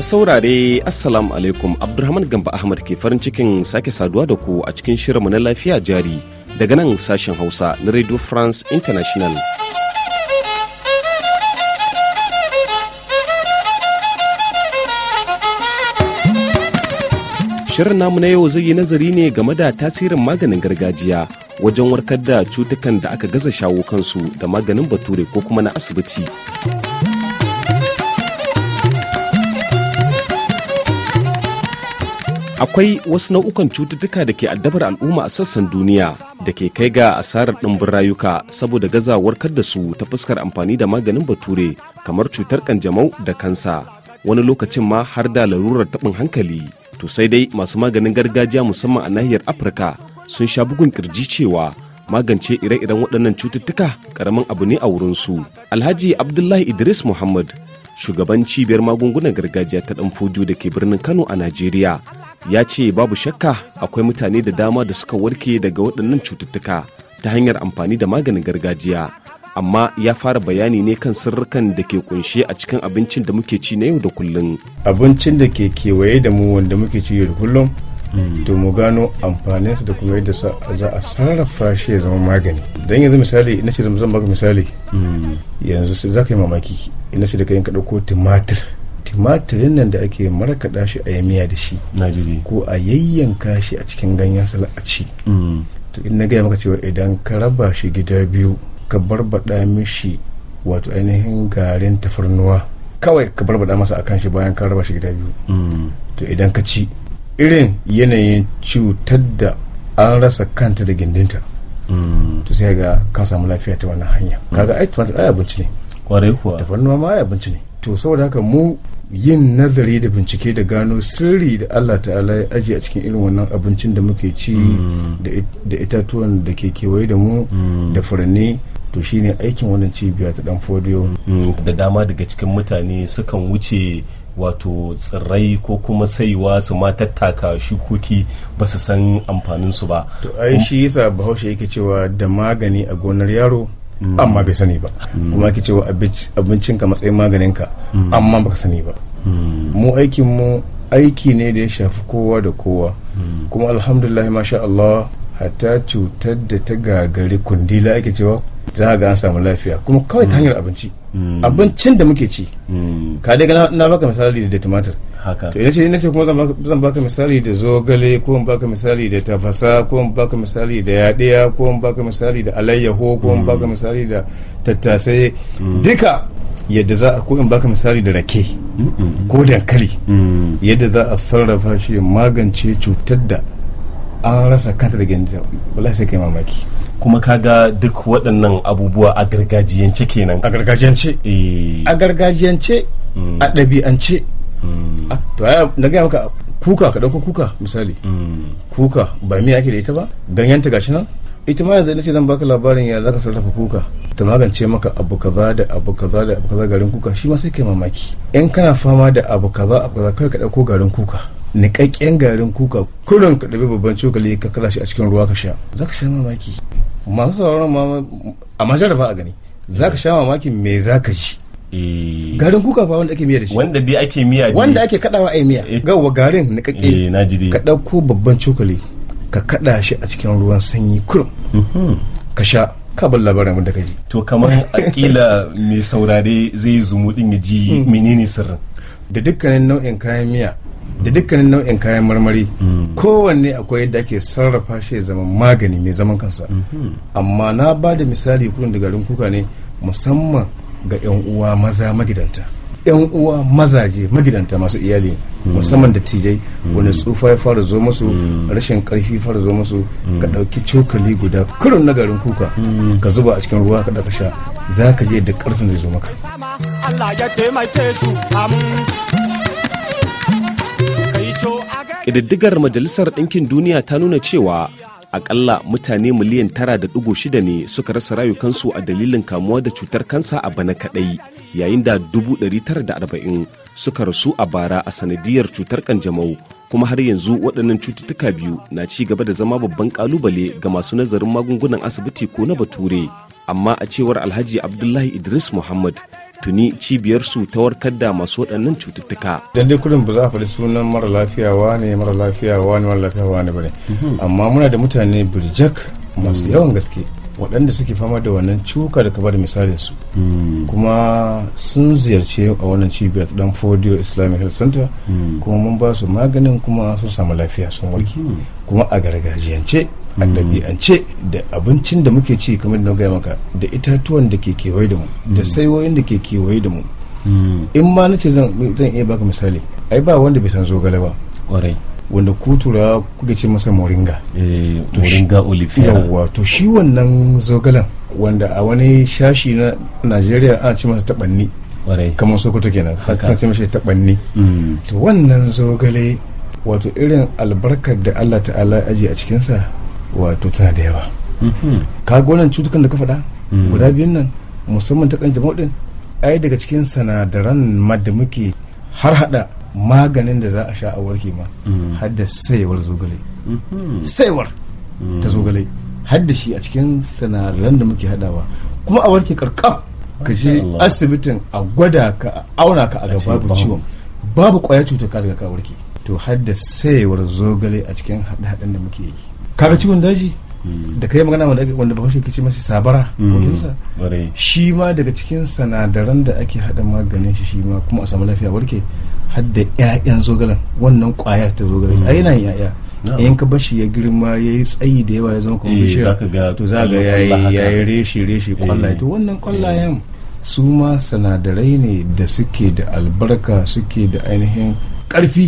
Masu saurare Assalamu alaikum Abdulrahman Gamba Ahmad ke farin cikin sake saduwa da ku a cikin shirinmu na lafiya jari daga nan sashen Hausa na Radio France International. Shirin namu na yau zai yi nazari ne game da tasirin maganin gargajiya wajen warkar da cutukan da aka gaza shawo kansu da maganin bature ko kuma na asibiti. akwai wasu nau'ukan cututtuka da ke addabar al'umma a sassan duniya da ke kai ga asarar ɗimbin rayuka saboda gazawar kar da su ta fuskar amfani da maganin bature kamar cutar kanjamau da kansa wani lokacin ma har da larurar taɓin hankali to sai dai masu maganin gargajiya musamman a nahiyar afirka sun sha bugun kirji cewa magance ire-iren waɗannan cututtuka ƙaramin abu ne a wurin su alhaji abdullahi idris muhammad shugaban cibiyar magungunan gargajiya ta danfojo da ke birnin kano a najeriya ya ce babu shakka akwai mutane da dama da suka warke daga waɗannan cututtuka ta hanyar amfani da maganin gargajiya amma ya fara bayani ne kan sirrukan da ke kunshe a cikin abincin da muke ci na yau da kullum abincin da ke kewaye da mu wanda muke ci yau da kullum to mu gano amfaninsa da kuma yadda za a sarrafa shi ya zama magani don yanzu misali ina ce zan baka misali yanzu za ka yi mamaki ina ce da kayan ka ɗauko tumatir timatirin nan da ake markaɗa shi a yamiya da shi ko a yayyanka shi a cikin ganyen salaci to in na gaya maka cewa idan ka raba shi gida biyu ka barbada mishi wato ainihin garin tafarnuwa kawai ka barbada masa akan shi bayan ka raba shi gida biyu mm. to idan ka ci irin yanayin cutar da an rasa kanta da gindinta mm. to sai ga ka samu lafiya ta wannan hanya mm. kaga ai tumatir ai abinci ne kwarai kuwa Da farnuwa ma ai abinci ne to saboda haka mu yin nazari da bincike da gano sirri da Allah ta'ala ya ajiye a cikin irin wannan abincin da muke ci mm. da itatuwan da ke kewaye da mu da furanni to shine aikin wannan cibiya ta dan fodiyo da dama daga cikin mutane sukan wuce wato tsirrai ko kuma saiwa su ma tattaka shukoki ba su san amfanin su ba to ai shi yasa bahaushe yake cewa da magani a gonar yaro mm. amma bai sani ba mm. kuma yake cewa abincin ka matsayin maganin ka. Mm. amma baka sani ba mu aikin mu aiki ne da ya shafi kowa da kowa kuma alhamdulillah masha Allah hatta cutar da ta gagari kundila yake cewa za ga an samu lafiya kuma kawai ta hanyar abinci Hmm. abincin da muke ci hmm. ka daga na baka misali da tumatir to ina ce ina ce kuma zan baka misali da zogale ko in baka misali da tafasa ko in baka misali da yadiya ko in baka misali da alayyaho ko in hmm. baka misali da tattasai duka yadda za a ko in baka misali da rake ko dankali yadda za a sarrafa shi magance cutar da an rasa kanta da gindin wallahi sai kai mamaki kuma kaga duk waɗannan abubuwa a gargajiyance kenan a gargajiyance eh. a gargajiyance a ɗabi'ance mm. to na gaya maka kuka ka ɗauko kuka misali mm. kuka ba miya ake da ita ba ganyen ta gashi nan ita ma yanzu ce zan baka labarin ya zaka sarrafa kuka ta magance maka abu kaza da abu kaza da abu kaza garin kuka shi ma sai kai mamaki in kana fama da abu kaza abu kaza kai ka ɗauko garin kuka niƙaƙƙen garin kuka kurin ka ɗabi babban cokali ka kala shi a cikin ruwa ka sha za ka sha mamaki masu sauraron ma a majalar ba a gani za ka sha mamakin me za ka ji eh. garin kuka fa wanda ake miya da shi wanda bi ake miya wanda ake kadawa ai miya gawa eh. garin eh, na kake ka dauko babban cokali ka kada shi a cikin ruwan sanyi kurum mhm. ka sha ka bar labarin da ka ji to kamar akila mai saurare zai zumu din ya ji mm. menene sirrin da dukkanin nau'in kayan miya da dukkanin nau'in kayan marmari mm. kowanne akwai yadda ake sarrafa shi ya zama magani mai zaman kansa mm-hmm. amma na ba da misali kudin da garin kuka ne musamman ga 'yan uwa maza magidanta 'yan uwa mazaje magidanta masu iyali mm. musamman da tijai mm. wani tsufa ya fara zo musu rashin karfi fara zo musu ka ɗauki cokali guda kurin na garin kuka ka zuba a cikin ruwa ka ɗaka sha za ka je da karfin zai zo maka ƙididdigar majalisar ɗinkin duniya ta nuna cewa akalla mutane miliyan tara da shida ne suka rasa rayukansu a dalilin kamuwa da cutar kansa a bana kaɗai yayin da dubu ɗari tara da arba'in suka rasu a bara a sanadiyar cutar kanjamau kuma har yanzu waɗannan cututtuka biyu na ci gaba da zama babban ƙalubale ga masu nazarin magungunan asibiti ko na bature amma a cewar alhaji abdullahi idris muhammad tuni cibiyarsu ta warkar da masu waɗannan cututtuka. dai kudin ba za a faɗi sunan mara lafiya wane mara lafiya wane mara lafiya wane ba ne. Mhm. Amma muna da mutane birjak masu mm. yawan gaske waɗanda suke fama da wannan cuka da kamar misalin su. Mm. Kuma sun ziyarce a wannan cibiyar dan Fodio Islamic Health Center mm. kuma mun ba su maganin kuma sun samu lafiya sun warke kuma a gargajiyance. a ɗabi'ance da abincin da muke ci kamar da na gaya maka da itatuwan da ke kewaye da mu da saiwoyin da ke kewaye da mu in ma na ce zan iya baka misali ai ba wanda bai san zogale ba wanda ku turawa kuka ce masa moringa eh, moringa olifera yawwa to shi wannan zogalen wanda a wani shashi na najeriya ana ce masa taɓanni kamar sokoto kenan haka ce masa taɓanni mm. to wannan zogale wato irin albarkar da allah ta'ala aji a cikinsa wato tana da yawa mhm. ka gonan cutukan da ka faɗa mm. guda biyun nan musamman ta kan jama'u din ai daga cikin sanadaran ma da muke har hada maganin da za a sha a warke ma mm. har da saiwar zogale mhm. saiwar ta mm. zogale har da shi a cikin sanadaran da muke hadawa kuma a warke karkam ka je asibitin a gwada ka auna ka a gaba babu ciwon babu kwaya cutar ka daga ka warke to har da saiwar zogale a cikin hada-hadan da muke yi kaga ciwon mm. daji mm. da kai magana wanda ake wanda bahaushe ke masa sabara kokinsa mm. shi ma daga cikin sanadaran da ake hada maganin shi shi ma kuma a samu lafiya warke har ya'yan ƴaƴan zogalen wannan kwayar ta zogalen ai ya'ya? ƴaƴa oh. in ka bashi ya girma ya yi tsayi da yawa ya zama kuma eh, bishiya to za ga ya yi reshe reshe eh. kwallaye to wannan eh. kwallayen su ma sanadarai ne da suke da albarka suke da ainihin karfi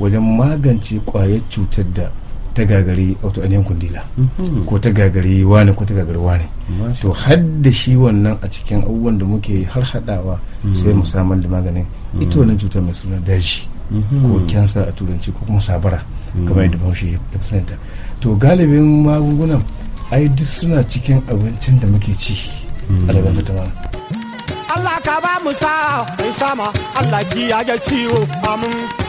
wajen magance kwayar cutar da ta gagari wato ainihin kundila mhm. ko ta gagari wane ko ta gagari wani to hadda shi wannan a cikin abubuwan da muke har hadawa mhm. sai mu samar da maganin mhm. ita wannan cuta mai suna daji ko kyansa a turanci ko kuma sabara kamar yadda bahaushe ya fuskanta to galibin magungunan ai duk suna cikin abincin da muke ci a daga mana Allah ka ba mu sa sama Allah ga ciwo amin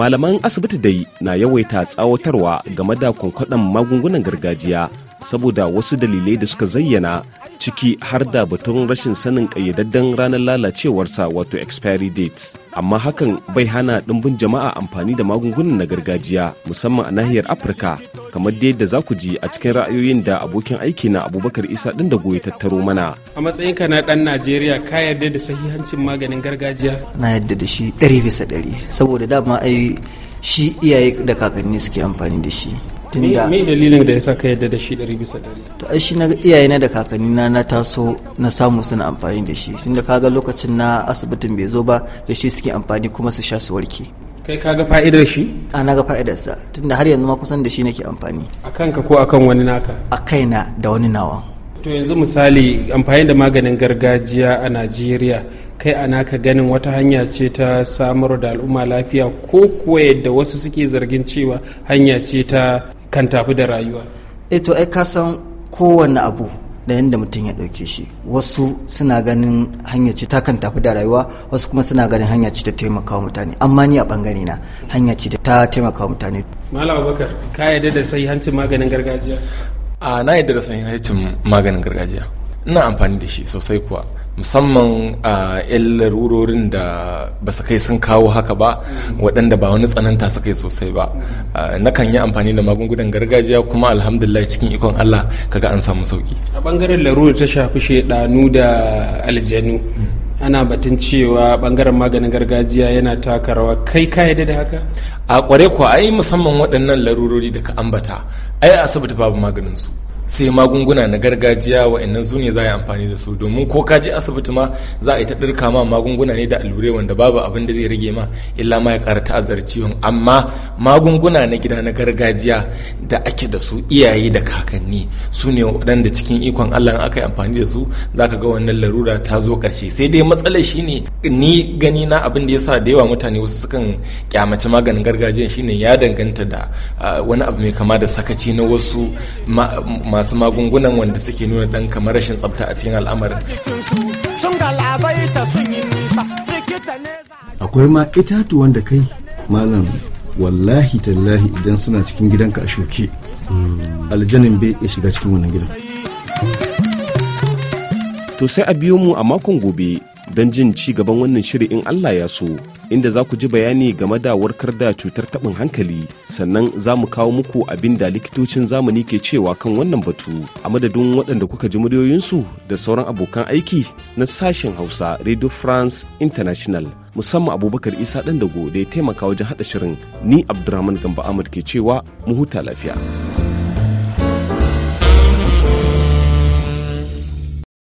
malaman asibiti dai na yawaita tsawatarwa game da kwankwadon magungunan gargajiya saboda wasu dalilai da suka zayyana ciki har da batun rashin sanin kayyadadden ranar lalacewarsa wato expiry date amma hakan bai hana dimbin jama'a amfani da magungunan na gargajiya musamman a nahiyar afirka kamar da yadda za ku ji a cikin ra'ayoyin da abokin aiki na abubakar isa ɗin da goyi tattaro mana a matsayin ka na ɗan najeriya ka yarda da sahihancin maganin gargajiya na yarda da shi ɗari bisa ɗari saboda dama ai shi iyaye da kakanni suke amfani da shi tunda me dalilin da yasa ka yadda da shi ɗari bisa ɗari to ai shi na iyayena da kakannina na taso na samu suna amfani da shi tunda kaga lokacin na asibitin bai zo ba da shi suke amfani kuma su sha su warke kai ka ga fa'idar shi a na ga fa'idarsa tunda har yanzu ma kusan da shi nake amfani a ka ko akan wani naka a kaina da wani nawa to yanzu misali amfani da maganin gargajiya a najeriya kai a naka ganin wata hanya ce ta samar da al'umma lafiya ko kuwa yadda wasu suke zargin cewa hanya ce ta kan tafi da rayuwa eto eh to ai ka san kowane abu da yadda mutum ya ɗauke shi wasu suna ganin hanya ce ta kan tafi da rayuwa wasu kuma suna ganin hanya ce ta taimaka wa mutane amma ni a bangare na hanya ce ta taimaka wa mutane malam abubakar ka yarda da sahihancin maganin gargajiya a na yarda da sahihancin maganin gargajiya ina amfani da shi sosai kuwa musamman a yan larurorin da ba su kai sun kawo haka ba waɗanda ba wani tsananta su kai sosai ba nakan yi amfani da magungunan gargajiya kuma alhamdulillah cikin ikon allah kaga an samu sauki a ɓangaren larurar ta shafi shaidanu da aljanu ana batun cewa ɓangaren maganin gargajiya yana taka rawa kai ka yadda da haka a kware kuwa ai musamman waɗannan larurori da ka ambata ai asibiti babu maganin su sai magunguna na gargajiya wa'annan su ne za a yi amfani da su domin ko ka je asibiti ma za a yi ta ɗirka ma magunguna ne da allurai wanda babu abin da zai rage ma illa ma ya ƙara ta'azzara ciwon amma magunguna na gida na gargajiya da ake da su iyaye da kakanni su ne waɗanda cikin ikon Allah aka yi amfani da su za ka ga wannan larura ta zo ƙarshe sai dai matsalar shi ne ni gani na abin da ya sa da yawa mutane wasu sukan kyamaci maganin gargajiya shine ya danganta da ah, wani abu mai kama da sakaci na wasu masu magungunan wanda suke nuna dan kamar rashin tsafta a cikin al'amarin akwai ma itatuwan da kai malam wallahi tallahi idan suna cikin gidanka a shuke aljanin bai ya shiga cikin wannan gidan to sai a biyo mu a makon gobe don jin ci gaban wannan shiri in allah ya so inda za ku ji bayani game da warkar da cutar taɓin hankali sannan za mu kawo muku abin da likitocin zamani ke cewa kan wannan batu a madadin waɗanda kuka ji muryoyinsu da sauran abokan aiki na sashen hausa radio france international musamman abubakar isa ɗan dago da ya taimaka wajen haɗa shirin ni abdulrahman gamba ahmad ke cewa mu huta lafiya.